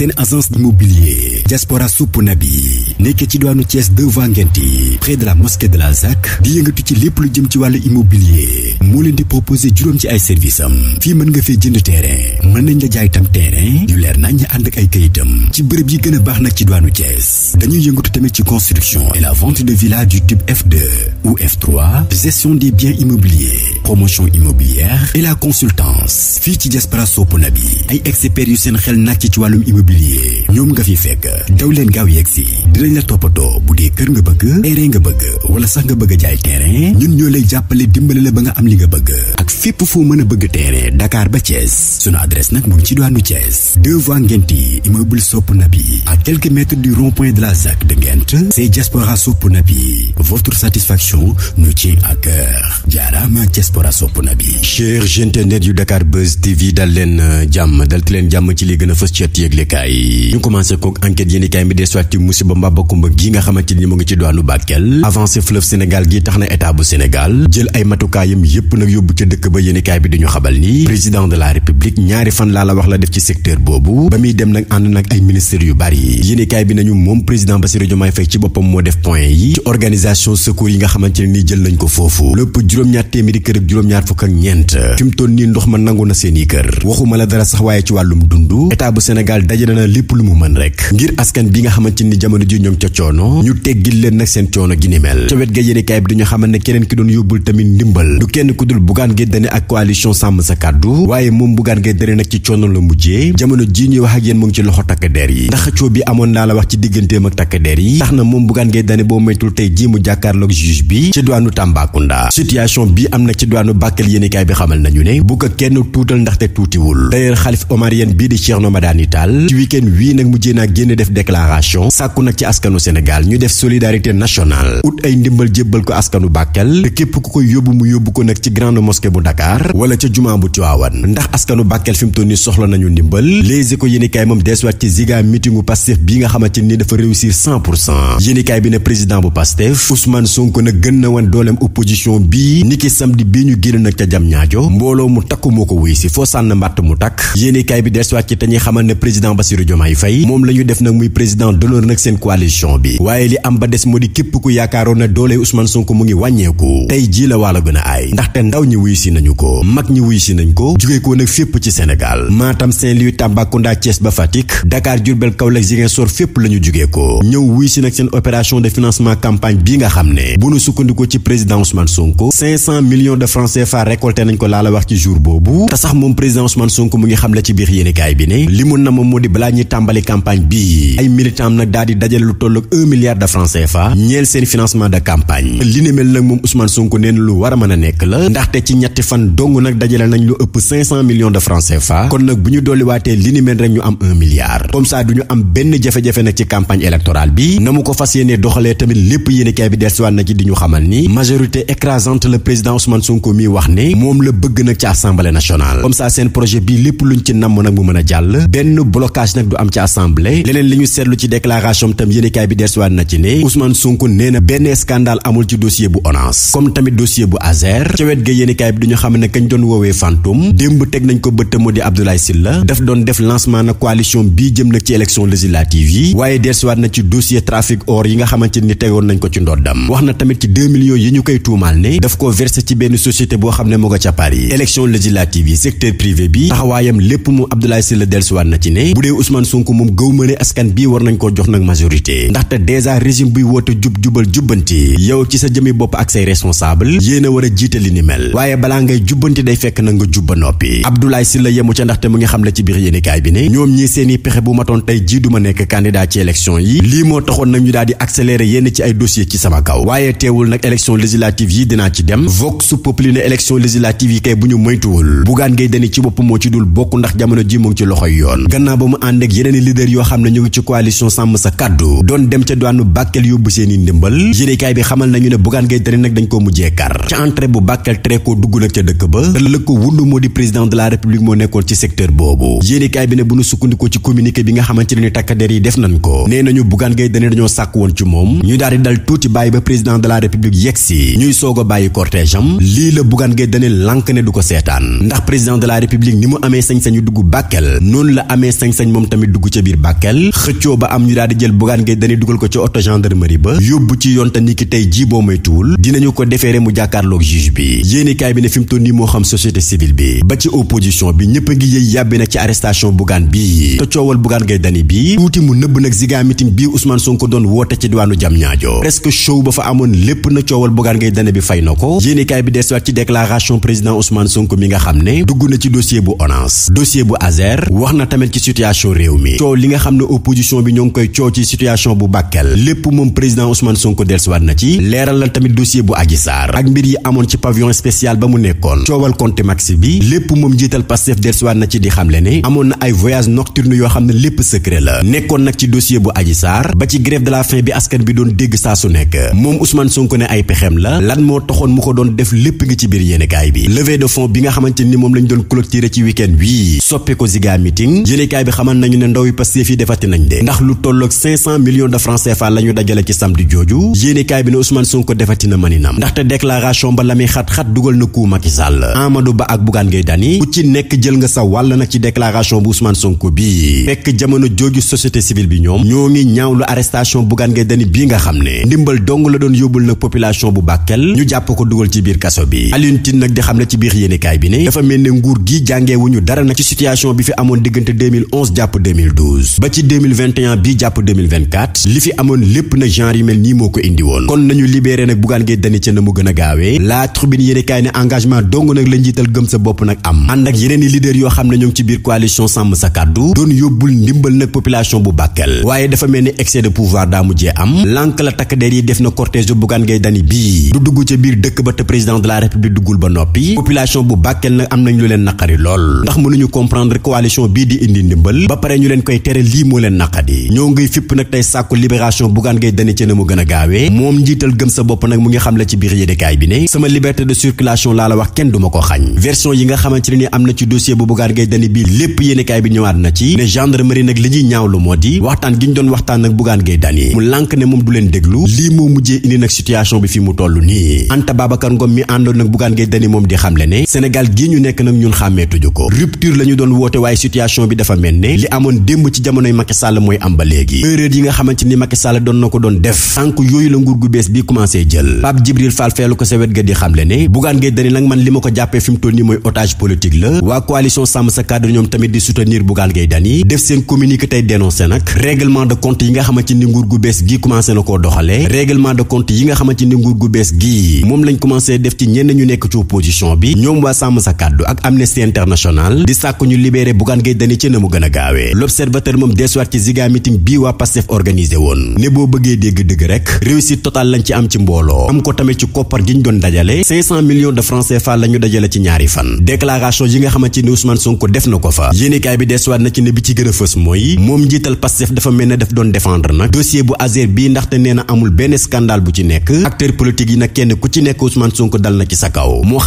seen agence immobilier diaspora suppuna bi nekkee ci diwaanu Thiès devant Ngenti près de la mosquée de la ZAC di yëngatu ci lépp lu jëm ci wàllu immobilier moo leen di proposer juróom ci ay services am fii mën nga fee jënd terrain mën nañ la jaay tam terrain yu leer nañ ñu ànd ak ay kayitam ci bërëb yi gën a baax nag ci diwaanu Thiès dañuy yëngatu tamit ci construction et la vente de villas du type F2 ou F3 gestion des biens immobiliers promotion immobilière et la consultance fii ci Diaspora Sopona bi ay experts yu seen xel nàcc ci wàllum immobilier ñoom nga fi fekk daw leen gaaw yegg si dinañ la toppatoo bu dee kër nga a jaay terrain ba nga am li nga bëgg ak fépp foo a bëgg terrain Dakar ba Thiès sunu adresse nag mu ngi ci doonu Thiès deux voies Ngenti immeuble Sopp Nabi à quelques mètres du rond-point de la ZAC de Ngent c'est Diaspora Sopp Nabi votre satisfaction nous tient à cœur jaaraama Diaspora Sopp Nabi chers internet yu Dakar Buzz TV dal leen euh, jàmm dal leen jàmm ci li gën a fës ci yëglekaay kumba gi nga xamante mu ngi ci diwaanu Bakel avancé fleuve Sénégal gi tax na état bu Sénégal jël ay matukaayam yépp nag yóbbu ca dëkk ba yéenikaay bi dañu xabal ni président de la république ñaari fan laa la wax la def ci secteur boobu ba muy dem nag ànd nag ay ministères yu bari yéenikaay bi nañu moom président Bassirou Diomaye Faye ci boppam moo def point yi ci organisation secours yi nga xamante ne jël nañ ko foofu lépp juróom-ñaar téeméeri kër ak ñoom ca coono ñu teggil leen nag seen coono gi ni wet ga yéenekaay bi dañu xamal ne keneen ki doon yóbbul tamit ndimbal du kenn ku dul Bougane Gueye Dany ak coalition sàmm sa kàddu waaye moom Bougane Gueye Dany nag ci coono la mujjee jamono jii ñuy wax ak yéen mu ngi ci loxo takk der yi ndax xëccoo bi amoon naa la wax ci digganteem ak takk der yi tax na moom Bougane Gueye Dany boo moytul tey jii mu jàkkaarloog juge bi ci duwaanu Tambacounda situation bi am na ci duwaanu Bakel yéenekaay bi xamal nañu ne bu ko kenn tuutal ndaxte tuutiwul d'ailleurs xalif omarien bii di Cheikh Nomadani Tall ci week-end wii nag mujjee naa génn def déclaration askanu Sénégal ñu def solidarité national ut ay ndimbal jébbal ko askanu Bakel te képp ku koy yóbbu mu yóbbu ko nag ci grande mosquée bu Dakar wala ca jumaa bu Tiwaawan ndax askanu Bakel fi mu toll nii soxla nañu ndimbal Les Échos yéenekaay moom deesuwaat ci ziga meetingu Pastef bi nga xamante ni dafa réussir 100 pour cent yéenekaay bi ne président bu Pastef Ousmane Sonko nag gën na wan dooleem opposition bii niki samedi bii ñu génn nag ca jam ñaajo mbooloo mu takku moo ko wuy si foo sànn mu takk yéenekaay bi deesuwaat ci te ñuy xamal ne président Bassirou Diomaye Faye moom la ñu def nag muy président d'honneur nag seen coalition opposition bi waaye li am ba des moo di képp ku yaakaaroon na doole Ousmane Sonko mu ngi wàññeeku tey jii la waalo gën a aay ndaxte ndaw ñi wuy si nañu ko mag ñi wuy si nañ ko jugee ko nag fépp ci Sénégal Matam Saint-Louis Tambacounda Thiès ba Fatick Dakar Diourbel Kaolack Ziguinchor fépp la ñu ñëw wuy si nag seen opération de financement campagne bi nga xam ne bu nu sukkandikoo ci président Ousmane Sonko 500 millions de francs CFA récolté nañ ko laa la wax ci jour boobu lu toll ak un de francs CFA ñeel seen financement de campagne li nag moom Ousmane Sonko neen lu war a mën a nekk la ndaxte ci ñetti fan dong nag dajale nañ lu ëpp 500 de francs CFA kon nag bu ñu dolliwaatee li ni mel ñu am un milliard comme du ñu am benn jafe-jafe nag ci campagne électorale bi na mu ko fas yéene doxalee tamit lépp yéene kaay bi dellusiwaat na ci di ñu xamal ni majorité écrasante le président Ousmane Sonko mi wax ne moom yéenekaay bi dellusiwaat na ci ne Ousmane Sonko nee na benn scandale amul ci dossier bu ONAS comme tamit dossier bu ASER ca wet ga yéenekaay bi dañu xam ne kañ doon woowee fantôme démb teg nañ ko bëtt moo di Abdoulaye Sylla daf doon def lancement na coalition bii jëm nag ci élection législative yi waaye dellusiwaat na ci dossier trafic or yi nga xamante ni tegoon nañ ko ci ndoddam wax na tamit ci 2 millions yi ñu koy tuumaal ne daf ko versé ci benn boo xam ne moo nga ca Paris élection législative yi secteur privé bi taxawaayam lépp moom Abdoulaye ne bu dee Ousmane Sonko moom gëw jox nag majorité jubbanti ndaxte dèjà régime buy woote jub jubal jubbanti yow ci sa jëmi bopp ak say responsable yéen a war a jiite li ni mel waaye balaa ngay jubbanti day fekk na nga jubba noppi Abdoulaye Sylla yemu ca ndaxte mu ngi xam le ci biir yéenekaay bi ne ñoom ñii seeni pexe bu matoon tey jii duma nekk candidat ci élection yi lii moo taxoon nag ñu daal di accélérer yenn ci ay dossier ci sama kaw waaye teewul nag élection législative yi dinaa ci dem vox populi ne élection législative yi kay bu ñu moytuwul Bougane Gueye Dany ci bopp moo ci dul ji mu ngi ci yoon gannaaw ba mu yoo xam ne ñu ngi ci coalition sàmm sa noonu doon dem ca diwaanu Bakel yóbbu seeni ndimbal yéenekaay bi xamal nañu ne Bougane Gueye Dany nag dañ koo mujjee kar ca entrée bu Bakel tere koo dugg nag ca dëkk ba te lëg ko wund moo di président de la république moo nekkoon ci secteur boobu yéenekaay bi ne bu ñu sukkandikoo ci communiqué bi nga xamante ne takkadeer yi def nañ ko ne nañu Bougane Gueye Dany dañoo sàkk woon ci moom ñu daal di dal tuuti bàyyi ba président de la république yegg si ñuy soog a bàyyi cortège am lii ne du ko seetaan ndax président de la ni mu amee sañ-sañu dugg amee sañ-sañ tamit dugg ca biir ba am ñu daal di jël Bougane Gueye dugal ko ci oto gendarmerie ba yóbbu ci yoon te tey ji moytuwul dinañu ko defeere mu jàkkaarloog juge bi yéenekaay bi ne fi mu nii moo xam société civile bi ba ci opposition bi ñëpp a ngi yëy yàbbi nag ci arrestation Bougane bii te coowal Bougane Gueye Dany bii tuuti mu nëbb nag ziga meeting bii Ousmane Sonko doon woote ci diwaanu Diamniadio presque show ba fa amoon lépp na coowal Bougane Gueye Dany bi fay na ko yéenekaay bi desuwaat administration bu Bakel lépp moom président Ousmane Sonko dellusiwaat na ci leeralal tamit dossier bu Adji ak mbir yi amoon ci pavillon spécial ba mu nekkoon coowal compte maxi bi lépp moom njiital Pastef dellusiwaat na ci di xamle ne amoon na ay voyage nocturne yoo xam ne lépp secret la nekkoon nag ci dossier bu Adji ba ci grève de la faim bi askan bi doon dégg saa nekk moom Ousmane Sonko ne ay pexem la lan moo taxoon mu ko doon def lépp ngi ci biir yéenekaay bi levée de fonds bi nga xamante ni moom bi xamal nañu ne ndaw yi Pastef yi defati nañ de millions de francs CFA la ñu dajale ci samedi jooju yéenekaay bi ne Ousmane Sonko defati na maninam ndaxte déclaration ba la muy xat-xat dugal na kuu Macky Sall Amadou Ba ak Bougane Gueye Dany ku ci nekk jël nga sa wàll nag ci déclaration bu Ousmane Sonko bii fekk jamono jooju société civile bi ñoom ñoo ngi ñaawlu arrestation Bougane Gueye Dany bii nga xam ne ndimbal dong la doon yóbbul nag population bu Bakel ñu jàpp ko dugal ci biir kaso bi Alioune Tine nag di xam ne ci bi 2024 li fi amoon lépp na genre yu mel nii moo ko indi woon kon nañu libéré nag Bougane Gueye Dany ca na mu gën a gaawee la tribune yéene kaay ne engagement dong nag la njiital gëm sa bopp nag am ànd ak yeneen i yoo xam ne ñoo ci biir coalition sàmm sa kàddu doon yóbbul ndimbal nag population bu Bakel waaye dafa mel ni excès de pouvoir daa mujjee am lànk la takk yi def na cortège bu Bougane Gueye Dany bii du dugg ca biir dëkk ba te président de bii di indi ndimbal ba pare ñu leen koy tere lii moo leen naqadi ñoo lay sàkku libération Bougane Gueye Dany ci na mu gën a gaawee moom njiital gëm sa bopp nag mu ngi xam la ci biir yéenekaay bi ne sama liberté de circulation laa la wax kenn du ko xañ version yi nga xamante ne ni am na ci dossier bu Bougane Gueye Dany bii lépp yéenekaay bi ñëwaat na ci ne gendarmerie nag li ñuy ñaawlu moo di waxtaan gi ñu doon waxtaan nag Bougane Gueye Dany mu lànk ne moom du leen déglu lii moo mujjee indi nag situation bi fi mu toll la ñu nga xamante ni Macky Sall doon na ko doon def tànk yooyu la nguur gu bees bi commencé jël Pape Djibril Fall feelu ko sa wet ga di xamle ne Bougane Gueye Dany nag man li ma ko jàppee fi mu toll mooy otage politique la waa coalition sàmm sa cadre ñoom tamit di soutenir Bougane Gueye Dany def seen communiqué tey dénoncé nag règlement de compte yi nga xamante ni nguur nguur gu bees gii moom lañ commencé def ci ñenn ñu nekk ci opposition bi ñoom waa sàmm sa kàddu organisé woon ne boo bëggee dégg dëgg rek réussite totale lañ ci am ci mbooloo am ko tamit ci koppar gi ñu doon dajale 500 de francs CFA la dajale ci ñaari fan déclaration yi nga xamante ni Ousmane Sonko def na ko fa yéenekaay bi desuwaat na ci ne bi ci gën fës mooy moom njiital Pastef dafa mel ne daf doon défendre nag dossier bu Azer bii ndaxte nee na amul benn scandale bu ci nekk acteur politique yi nag kenn ku ci nekk Ousmane Sonko dal na ci sa kaw moo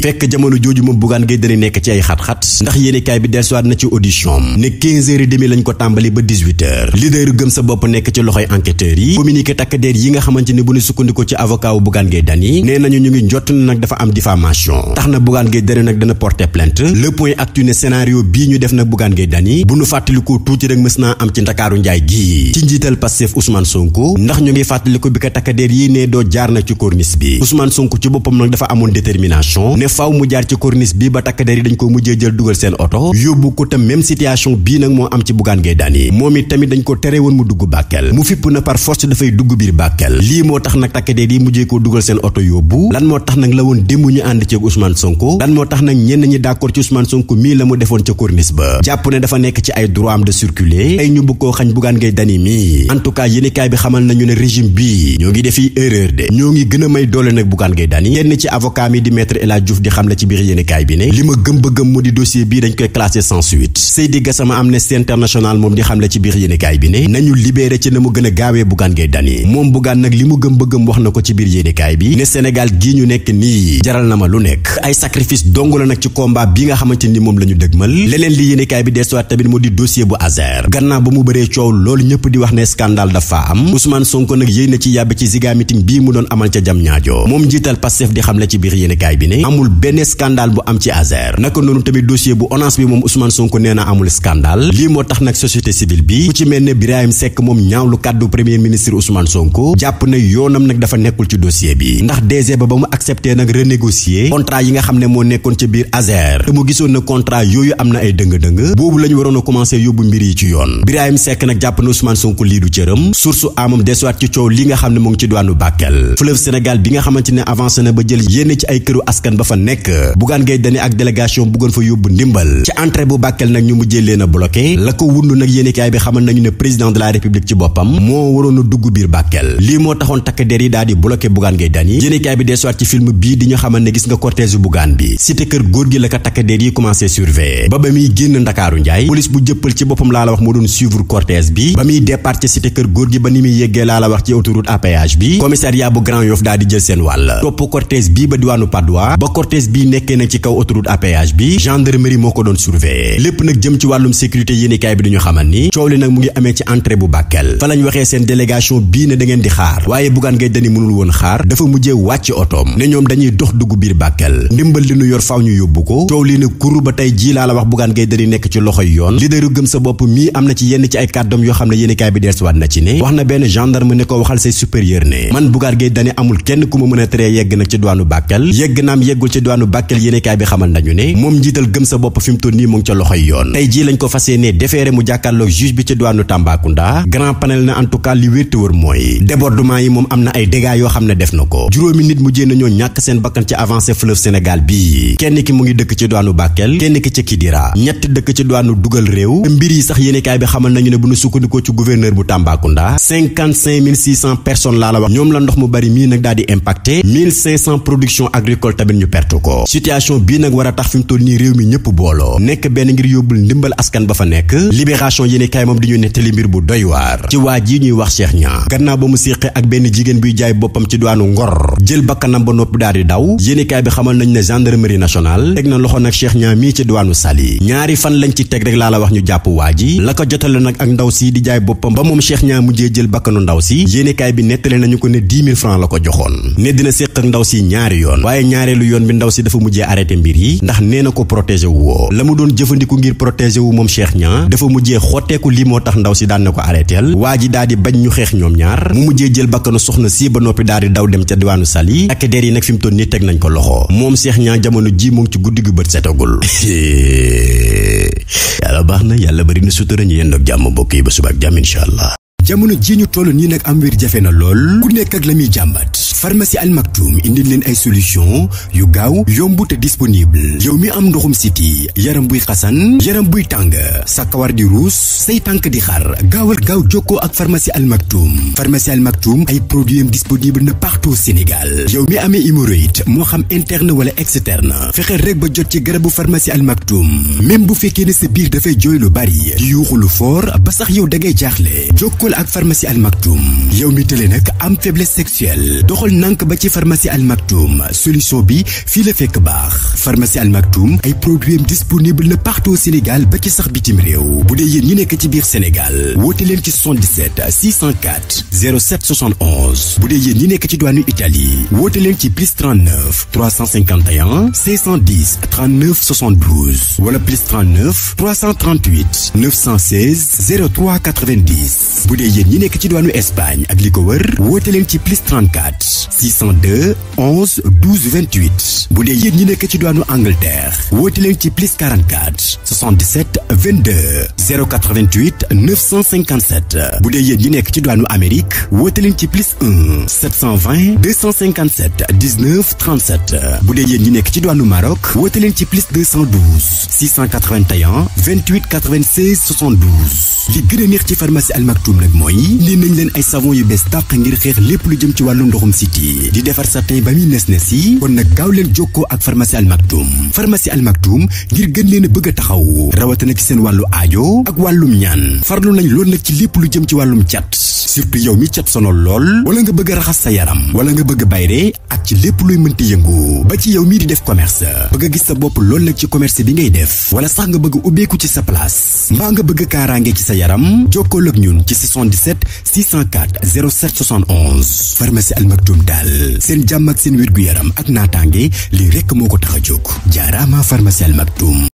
yi fekk jamono jooju moom Bougane Gueye Dany nekk ci ay xat-xat ndax yéenekaay bi dellusiwaat na ci audition ne 15 heures et lañ ko tàmbali ba 18 heures leaderu gëm sa bopp nekk ci loxoy enquêteurs yi communiqué takk der yi nga xamante ni bu ñu sukkandiku ci avocat wu Bougane Gueye ne nañu ñu ngi njott na nag dafa am diffamation tax na Bougane Gueye Dany nag dana porte plainte le point actu ne scénario bii ñu def nag Bougane Gueye Dany bu nu fàttaliku tuuti rek mës naa am ci Ndakaaru Njaay gii ci njiital Pastef Ousmane Sonko ndax ñu ngi fàttaliku bi ko takk yi ne doo jaar na ci corniche bi Ousmane Sonko ci boppam nag dafa amoon détermination faaw mu jaar ci corniche bi ba takk der yi dañ ko mujjee jël dugal seen oto yóbbu ko te même bii nag moo am ci Bougane Gueye Dany moom it tamit dañ ko tere woon mu dugg Bakel mu fipp na par force dafay dugg biir Bakel lii moo tax nag takk der yi mujjee ko dugal seen oto yóbbu lan moo tax nag la woon démb ñu ànd ci Ousmane Sonko lan moo tax nag ñenn ñi d'accord ci Ousmane Sonko mii la mu defoon ca corniche ba jàpp ne dafa nekk ci ay droit am de circuler ay ñu bëgg koo xañ Bougane Gueye Dany mii en tout cas yéenekaay bi de ñoo ngi gën a may doole nag Bougane Gueye Diouf di xamle ci biir yéenekaay bi ne li ma gëm ba gëm mu di dossier bii dañ koy classé sans suite Seydi Gassama Amnesty International moom di xamle ci biir yéenekaay bi ne nañu libéré ci na mu gën a gaawee Bougane Gueye Dany moom Bougane nag li mu gëm ba gëm wax na ko ci biir yéenekaay bi ne Sénégal gii ñu nekk nii jaral na ma lu nekk ay sacrifice dong la nag ci combat bi nga xamante ni moom la ñu dëgmal leneen li yéenekaay bi desuwaat tamit mu di dossier bu Azer gannaaw mu bëree coow loolu ñëpp di wax ne scandale dafa am Ousmane Sonko nag yéy na ci yàbbe ci ziga meeting mu doon amal ca jam ñaajo moom njiital Pastef di xamle ci biir yéenekaay bi ne amul benn scandale bu am ci Azer naka noonu tamit dossier bu ONAS bi moom Ousmane Sonko nee na amul scandale lii moo tax nag société civile bi ku ci mel ne Birahim Seck moom ñaawlu kàddu na nag dafa nekkul ci dossier bi ndax DG ba ba mu accepté nag renégocier yi nga xam ne moo nekkoon ci biir Azer te mu gisoon na contrat boobu la ñu waroon a commencé yóbbu mbir yi ci yoon Birahim Seck nag jàpp na Ousmane Sonko lii du cëram source amam desuwaat ci coow li nga xam ne mu ngi ci diwaanu Bakel fleuve Sénégal bi nga xamante ne avance na ba jël yénn ci ay këru askan ba fa nekk Bougane Gueye Dany ak délégation bëggoon fa yóbbu ndimbal ci entrée bu Bakel nag ñu mujjee leen a bloqué la ko wund nag yéenekaay bi xamal nañu ne président de la république ci boppam moo waroon a dugg biir Bakel lii moo taxoon takk der yi daal di bloqué Bougane Gueye Dany yéenekaay bi desuwaat ci film bii di ñu xamal ne gis nga cortège Bougane bi cité kër góor gi la ko takk der yi commencé surveiller ba ba muy génn Ndakaaru Njaay police bu jëppal ci boppam laa la wax moo doon suivre cortège bi ba muy ni muy yéggee laa la wax ci autoroute à péage bi commissariat seen wàll topp cortège cortège bii nekkee nag ci kaw autoroute à péage bi gendarmerie moo ko doon surveiller lépp nag jëm ci wàllum sécurité yéenekaay bi dañu xamal ni coow li nag mu ngi amee ci entrée bu Bakel fa lañ waxee seen délégation bii ne da ngeen di xaar waaye Bougane Gueye Dany mënul woon xaar dafa mujjee wàcc otoom ne ñoom dañuy dox dugg biir Bakel ndimbal li nu yor faaw ñu yóbbu ko coow li ne kur ba tey jii laa la wax Bougane Gueye Dany nekk ci loxo loxoy yoon leaderu gëm sa bopp mii am na ci yenn ci ay kàddoom yoo xam ne yéenekaay bi deesuwaat na ci ne wax na benn gendarme ne ko waxal say supérieur ne man Bougane Gueye Dany kenn ku ma mën a tere yegg nag ci douane Bakel yegg naam yeggul ca diwaanu Bakel yéenekaay bi xamal nañu ne moom njiital gëm sa bopp fi mu toll nii mu ngi ca loxoy yoon tey jii lañ ko fas yéenee defeere mu jàkkaarloog juge bi ca diwaanu Tambacounda grand panel na en tout cas li wérte wër mooy débordement yi moom am na ay dégâts yoo xam ne def na ko juróomi nit mujjee nañoo ñàkk seen bakkan ci avancée fleuve Sénégal bii kenn ki mu ngi dëkk ci diwaanu Bakel kenn ki ca Kidira ñett dëkk ci diwaanu dugal réew te mbir yi sax yéenekaay bi xamal nañu ne bu ñu sukkandikoo ci bu Tambacounda 55 600 personnes laa la wax ñoom la ndox mu bari mii nag daal di impacté 1500 production agricole perte ko situation bii nag war a tax fi mu toll nii réew mi ñëpp booloo nekk benn ngir yóbbul ndimbal askan ba fa nekk libération yéene kaay moom di ñu nettali mbir bu doy waar ci waa ji ñuy wax Cheikh Niang gannaaw ba mu séqee ak benn jigéen buy jaay boppam ci duwaanu Ngor jël bakkanam ba noppi daal di daw yéene kaay bi xamal nañ ne gendarmerie nationale teg na loxo nag Cheikh Niang mii ci duwaanu Saly ñaari fan lañ ci teg rek laa la wax ñu jàpp waa ji la ko jotale nag ak ndaw si di jaay boppam ba moom Cheikh Niang mujjee jël bakkanu ndaw si yéene kaay bi nettali nañu ko ne 10 000 la ko joxoon ne dina séq ak ndaw yoon waaye bi ndaw si dafa mujjee arrêté mbir yi ndax nee na ko protégé woo la mu doon jëfandiku ngir protégé wu moom Cheikh Niang dafa mujjee xotteeku lii moo tax ndaw si daan na ko arrêteel waa ji daal di bañ ñu xeex ñoom ñaar mu mujjee jël bakkanu soxna si ba noppi daal di daw dem ca diwaanu Saly ak der yi nag fi mu toll nii teg nañ ko loxo moom Cheikh ñaa jamono jii mu ngi ci guddi gu bët setagul yàlla baax na yàlla bari na sutura ñu yendoog jàmm mbokk yi ba subaak jàmm incha allah jamono ji ñu toll nii nag am wér jafe na lool ku nekk ak la muy jàmbat pharmacie Al Maktoum indil leen ay solution yu gaaw yomb te disponible yow mi am ndoxum siti yaram buy xasan yaram buy tàng sa kawar di ruus say tànk di xar gaawal gaaw jokkoo ak pharmacie Al Maktoum pharmacie Al Maktoum ay produit am disponible na partout Sénégal yow mi amee hémorroïde moo xam interne wala externe fexeel rek ba jot ci garabu pharmacie Al Maktoum même bu fekkee ne sa biir dafay jooy lu bari di yuuxu ba sax yow da ngay jaaxle jokkool ak pharmacie Al Maktoum yow mi tële nag am faiblesse sexuelle doxal nank ba ci pharmacie Al Maktoum solution bi fii la fekk baax pharmacie Al Maktoum ay produits disponible na partout au Sénégal ba ci sax bitim réew bu dee yéen ñi nekk ci biir Sénégal woote leen ci 77 604 07 71 bu dee yéen ñi nekk ci douane Italie woote leen ci plus 39 351 610 39 72 wala plus 39 338 916 03 90 dee yéen ñi nekk ci diwaanu Espagne ak li ko wër woote leen ci plus 34 602 11 12 28 bu dee yéen ñi nekk ci diwaanu Angleterre woote leen ci plus 44 77 22 088 957 bu dee yéen ñi nekk ci diwaanu Amérique woote leen ci plus 1 720 257 19 37 bu dee yéen ñi nekk ci diwaanu Maroc woote leen ci plus 212 681 28 96 72 li gën a neex ci pharmacie Al nag mooy lii nañ leen ay savon yu bees tàq ngir xeex lépp lu jëm ci wàllu ndoxum siti di defar sapin ba muy nes nes yi kon nag gaaw leen jokkoo ak pharmacie Al Maktoum pharmacie Al ngir gën leen a bëgg a taxaw rawatina ci seen wàllu aajo ak wàllum ñaan farlu nañ lool nag ci lépp lu jëm ci wàllum cat surtout yow mi cat sonal lool wala nga bëgg raxas sa yaram wala nga bëgg bayre ak ci lépp luy mënti yëngu ba ci yow mii di def commerce bëgg a gis sa bopp lool nag ci commerce bi ngay def wala sax nga bëgg ubbeeku ci sa place mbaa nga bëgg kaaraange ci sa yaram jokkoo ak 77 604 07 71 pharmacie Al Maktoum daal seen jàmm ak seen wér gu yaram ak naataange lii rekk moo ko tax a jaaraama pharmacie Al